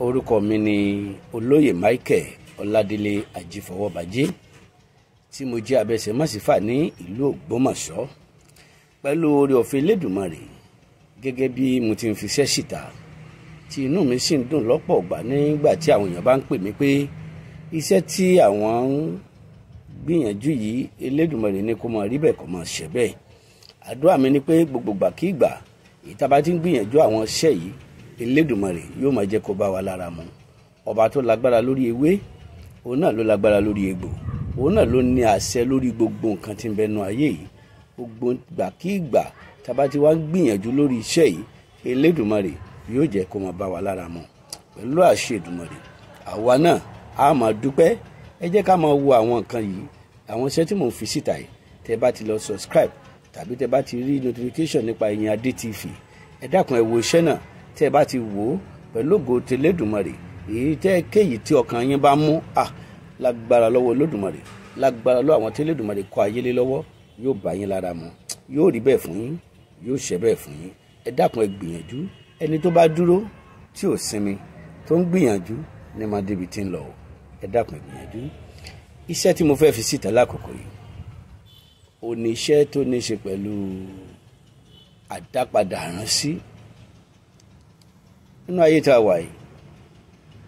orúkọ mi ni olóyè Michael Ọládélé Ajífọwọ́bajé tí mo jẹ́ abẹsẹ̀másífà ní ìlú Ògbómọ̀ṣọ́ pẹ̀lú oore ọ̀fẹ́ Elédùmarè gẹ́gẹ́ bí mo ti ń fiṣẹ́ síta tí inú mi sì ń dùn lọ́pọ̀ ọ̀gbà nígbà tí àwọn èèyàn bá ń pè mí pé iṣẹ́ tí àwọn ń gbìyànjú yìí Elédùmarè ni kó máa rí bẹ́ẹ̀ kó máa àdúrà mi ni pé gbogbo ìgbàkígbà ìta bá ti ń gbìyànjú àwọn iṣẹ́ yìí Elédùmarè yóò máa jẹ́ kó bá wa lára mu ọba tó lágbára lórí ewé òun náà ló lágbára lórí egbò òun náà ló ní àṣẹ lórí gbogbo nǹkan tí ń bẹnu ayé yìí gbogbo ìgbàkígbà tàbá tí wàá gbìyànjú lórí iṣẹ́ yìí Elédùmarè yóò jẹ́ kó máa bá wa lára mu pẹ̀lú àṣẹ Èdùmarè àwa náà a máa dúpẹ́ ẹ jẹ́ ká máa wo àwọn nǹkan yìí àwọn iṣẹ́ tí mò ń fi síta yìí tẹ bá ti lọ subscribe tàbí tẹ bá ti rí notification nípa Ìyìn Adé TV ẹ dákun ẹ wo iṣẹ́ náà tí ẹ bá ti wò ó pẹ̀lú ògo tẹlẹ́dùmarè èyí tẹ́ kéyìí tí ọkàn yín bá mú à lágbára lọ́wọ́ olódùmarè lágbára lọ́wọ́ àwọn tẹlẹ́dùmarè kọ ayé lé lọ́wọ́ yóò bá yín lára mu yóò rí bẹ́ẹ̀ fún yín yóò ṣe bẹ́ẹ̀ fún yín ẹ dákun ẹ gbìyànjú ẹni tó bá dúró tí ò sinmi tó ń gbìyànjú ní máa débi tí ń lọ ẹ dákun ẹ gbìyànjú iṣẹ́ tí mo fẹ́ fi síta lákòókò yìí oníṣẹ́ tó ní ṣe pẹ̀lú àdápadà ránṣí nínú ayé tá a wà yìí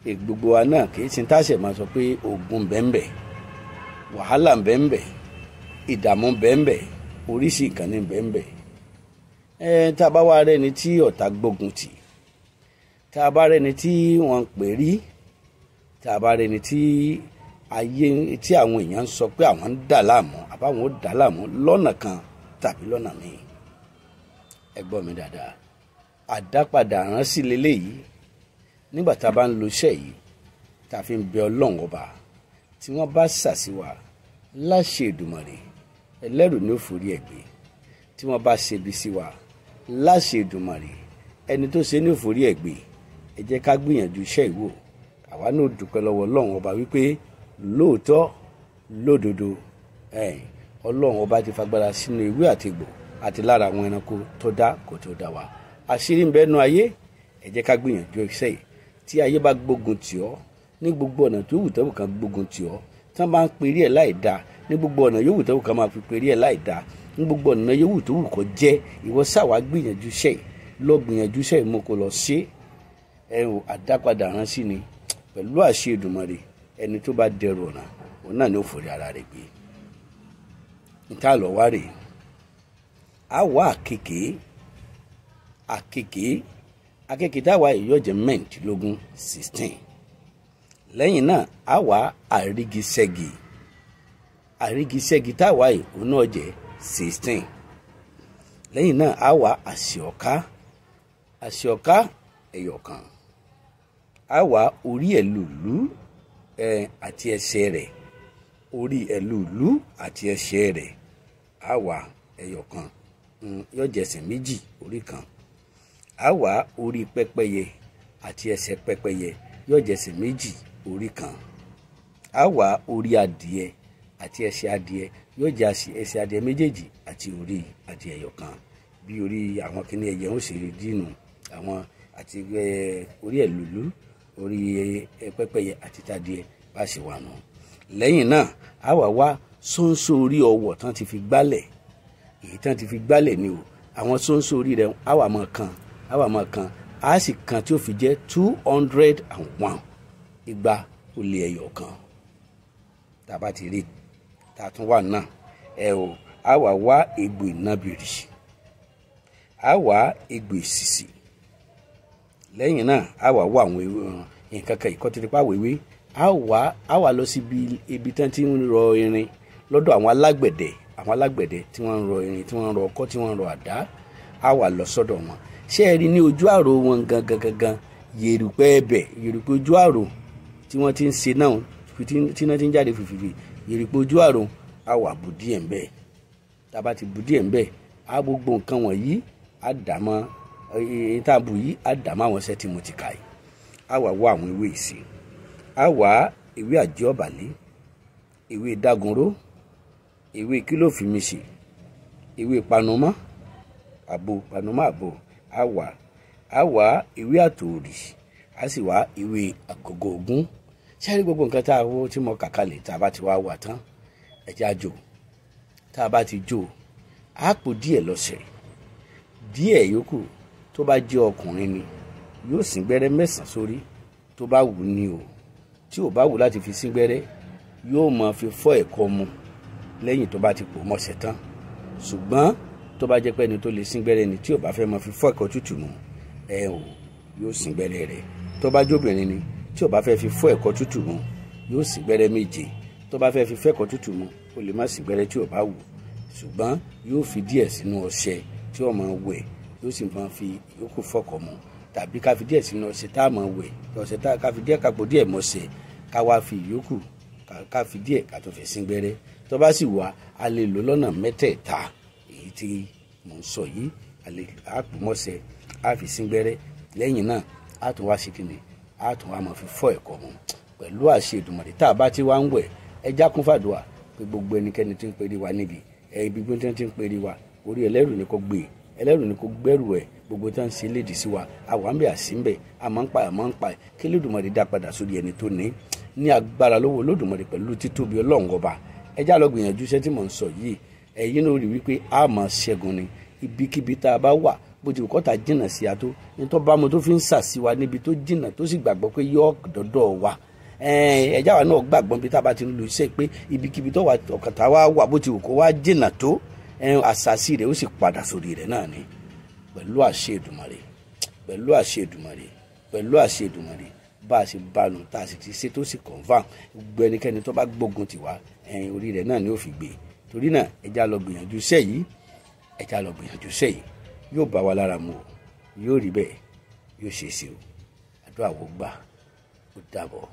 e, gbogbo wa náà kì í ti táṣẹ̀ máa sọ pé ogun bẹ́ẹ̀nbẹ́ wàhálà bẹ́ẹ̀nbẹ́ ìdààmú bẹ́ẹ̀nbẹ́ oríṣi nǹkan ní bẹ́ẹ̀nbẹ́ ẹ tá a bá wá rẹni tí ọ̀tá gbógun tì tá a bá rẹni tí wọ́n pè rí tá a bá rẹni tí ayé tí àwọn èèyàn sọ pé àwọn ń dà láàmú àbáwọn ó dà láàmú lọ́nà kan tàbí lọ́nà míì ẹ gbọ́ mi dáadáa àdápadà ránṣí leléyìí nígbà tá a bá ń lo iṣẹ́ yìí tá a fi ń bẹ ọlọ́run ọba tí wọ́n bá ṣàṣìwà láṣẹ Èdùmàrè ẹlẹ́rù ní òfòrí ẹ̀gbẹ́ tí wọ́n bá ṣebi sí wa láṣẹ Èdùmàrè ẹni tó ṣe ní òfòrí ẹ̀gbẹ́ ẹ jẹ́ ká gbìyànjú iṣẹ́ ìwò àwa náà dúpẹ́ lọ́wọ́ ọlọ́run ọba wípé lóòótọ́ lódodo ọlọ́run ọba ti fagbára sínú ewé àtegbò àti lára àwọn ẹranko tó dá kò tó dá wa àṣírí ń bẹ nu ayé ẹ jẹ́ ká gbìyànjú iṣẹ́ yìí tí ayé bá gbógun tì ọ́ ní gbogbo ọ̀nà tó wù tẹ́wù kan gbógun tì ọ́ tí wọ́n bá ń perí ẹ̀ láì dáa ní gbogbo ọ̀nà yòówù tẹ́wù kan máa fi perí ẹ̀ láì dáa ní gbogbo ọ̀nà yòówù tó wù kọ́ jẹ́ ìwọ sáwà gbìyànjú iṣẹ́ yìí lọ gbìyànjú iṣẹ́ yìí mo kò lọ ṣe ẹ ò àdápadà rán sí ni pẹ̀lú àṣẹ Èdùmàrè ẹni tó bá dẹrù ọ̀nà òun náà ni ó forí ara rẹ̀ gbé níta lọ wá rèé á wà kékeré àkèké àkèké táwa yìí yóò jẹ́ mẹ́ǹdínlógún sixteen lẹ́yìn náà á wá àrígiṣẹ́gi àrígiṣẹ́gi táwa yìí òun náà jẹ́ sixteen na náà á wá àṣìọ̀ká àṣìọ̀ká ẹ̀yọ̀kan á wá orí ẹ̀lùlú ẹ̀ àti ẹsẹ̀ rẹ̀ orí ẹ̀lùlú àti ẹsẹ̀ rẹ̀ á wá ẹ̀yọ̀kan yóò jẹ́ ẹsẹ̀ méjì orí kan á wá orí pẹ́pẹ́yẹ àti ẹsẹ̀ pẹ́pẹ́yẹ yóò jẹsẹ̀ méjì orí kan á wá orí adìẹ àti ẹsẹ̀ adìẹ yóò jẹ ẹsẹ̀ adìẹ méjèèjì àti orí adìẹ yọkan bí orí àwọn kìnìún ẹyẹ ń ṣe dínú àwọn àti orí ẹ lùlú orí pẹ́pẹ́yẹ àti tadìẹ bá ṣe wà nù lẹ́yìn náà á wá wá sóńsó orí ọwọ́ tán ti fi gbálẹ̀ èyí tán ti fi gbálẹ̀ ni o àwọn sóńsó orí rẹ̀ á wà mọ kan á wà máa kan á sì kan tí ó fi jẹ́ two hundred and one igba ó lé ẹyọ kan tá a bá ti rí tá a tún wà náà ẹ o á wà wá egbò ìnábìrì á wà egbò ìsìsì lẹ́yìn náà á wà wá àwọn nǹkan kan ìkọ́tìrípá wéwé á wà á wà lọ síbi ibi tán ti ń rọ irin lọ́dọ̀ àwọn alágbẹ̀dẹ àwọn alágbẹ̀dẹ tí wọ́n ń rọ irin tí wọ́n ń rọ ọkọ́ tí wọ́n ń rọ àdá á wà lọ sọ́dọ̀ wọn ṣé ẹ rí ní ojú àrò wọn gangan gangan yèrùpẹ̀ ẹ̀bẹ̀ yèrùpẹ̀ ojú àrò tí wọ́n ti ń ṣe náà tí wọ́n ti ń jáde fìfìfì yèrùpẹ̀ ojú àrò á wà bù díẹ̀ ń bẹ̀ tá a bá ti bù díẹ̀ ń á gbogbo nǹkan wọ̀nyí á dà mọ́ èyí tá a bù yìí á dà mọ́ àwọn iṣẹ́ tí mo ti kà yìí á wà wá àwọn ewé ìsì á wà ewé àjọbàlẹ̀ ewé dagunró ewé kílòfìmísì ewé panumọ́ àbò panama àbò á wà á wà ìwé àtòòrì á sì wà ìwé àgògò ogun sẹ́rí gbogbo nǹkan tá a wó tí mo kàkà lè tá a bá ti wá wà tán ẹ̀jẹ̀ á jò tá a bá ti jò á pò díẹ̀ lọ́sẹ̀ díẹ̀ yòókù tó bá jẹ́ ọkùnrin ni yóò sín gbẹ́rẹ́ mẹ́sàn sórí tó bá wù ni o tí ò bá wù láti fi sín gbẹ́rẹ́ yóò máa fi fọ́ ẹ̀kọ mu lẹ́yìn tó bá ti pò mọ́ṣẹ̀ tán ṣùgbọ́n tó bá jẹ́ pé ẹni tó lè sín gbẹ́rẹ́ ni tí ò bá fẹ́ mọ fi fọ́ ẹ̀kọ́ tútù mu ẹ ò yóò sín gbẹ́rẹ́ tó bá jóbìnrin ni tí ò bá fẹ́ fi fọ́ ẹ̀kọ́ tútù mu yóò sín gbẹ́rẹ́ méje tó bá fẹ́ fi fẹ́kọ̀ọ́ tútù mu ó lè má sín gbẹ́rẹ́ tí ò bá wù ṣùgbọ́n yóò fi díẹ̀ sínú ọṣẹ tí ó máa wẹ̀ yóò sì máa fi yòókù fọ́kọ̀ mu tàbí ká fi díẹ̀ sínú ọṣẹ tá a máa wẹ̀ ọṣẹ tá ká fi díẹ̀ kápò díẹ̀ mọṣẹ ká wá fi yòókù ká fi díẹ̀ ká tó fi sín tó bá sì wà á lè lò lọ́nà mẹ́tẹ̀ẹ̀ta èyí tí mò ń sọ yìí a pò mọ́sẹ̀ a fi sín gbẹ́rẹ́ lẹ́yìn náà a tún wá ṣe kìnnì a tún wá mọ̀ fi fọ́ ẹ̀kọ́ mọ́ pẹ̀lú àṣẹ Èdùmàrè tá a bá ti wá ń wẹ̀ ẹja kún fàdùà pé gbogbo ẹnikẹ́ni tí ń pèrè wa níbi ibi gbogbo tí ń pèrè wa orí ẹlẹ́rù ni kò gbé ẹlẹ́rù ni kò gbẹ́rù ẹ̀ gbogbo tí ń ṣe léde sí wa àwa ń bẹ àṣì ń bẹ àmọ́ ń pa àmọ́ ń pa kí Lódùmarè dá padà sórí ẹni tó ní ní agbára lọ́wọ́ Lódùmarè pẹ̀lú títóbi Ọlọ́run ọba lọ gbìyànjú iṣẹ́ tí mò ń sọ yìí ẹ̀yin náà rí wípé a máa ṣẹ́gun ni ibikíbi tá a bá wà bó ti kọ́ta jìnnà sí a tó ní tó bá mo tó fi ń sàṣìwá níbi tó jìnnà tó sì gbàgbọ́ pé yọ dọ́dọ̀ wa ẹ̀já wa náà gbàgbọ́ bí tá a bá ti ń lu iṣẹ́ pé ibikíbi tó wà ọ̀kàtà wa wà bó ti kọ́ wa jìnnà tó àṣàṣì rẹ̀ ó sì padà sórí rẹ̀ náà ni pẹ̀lú àṣẹ Èdùmàrè pẹ̀lú àṣẹ Èdùmàrè pẹ̀lú àṣẹ Èdùmàrè bá a ṣe bánu tá a sì ti ṣe tó sì kọ̀ǹfà gbogbo ẹnikẹ́ni tó bá gbógun tiwa orí rẹ̀ náà ni ó fi gbé e torí náà ẹja lọ gbìyànjú sẹ́yìí ẹja lọ gbìyànjú sẹ́yìí yóò bá wa lára mu o yóò rí bẹ́ẹ̀ yóò ṣe é ṣe o àdúrà wo gbà ó dàbọ̀.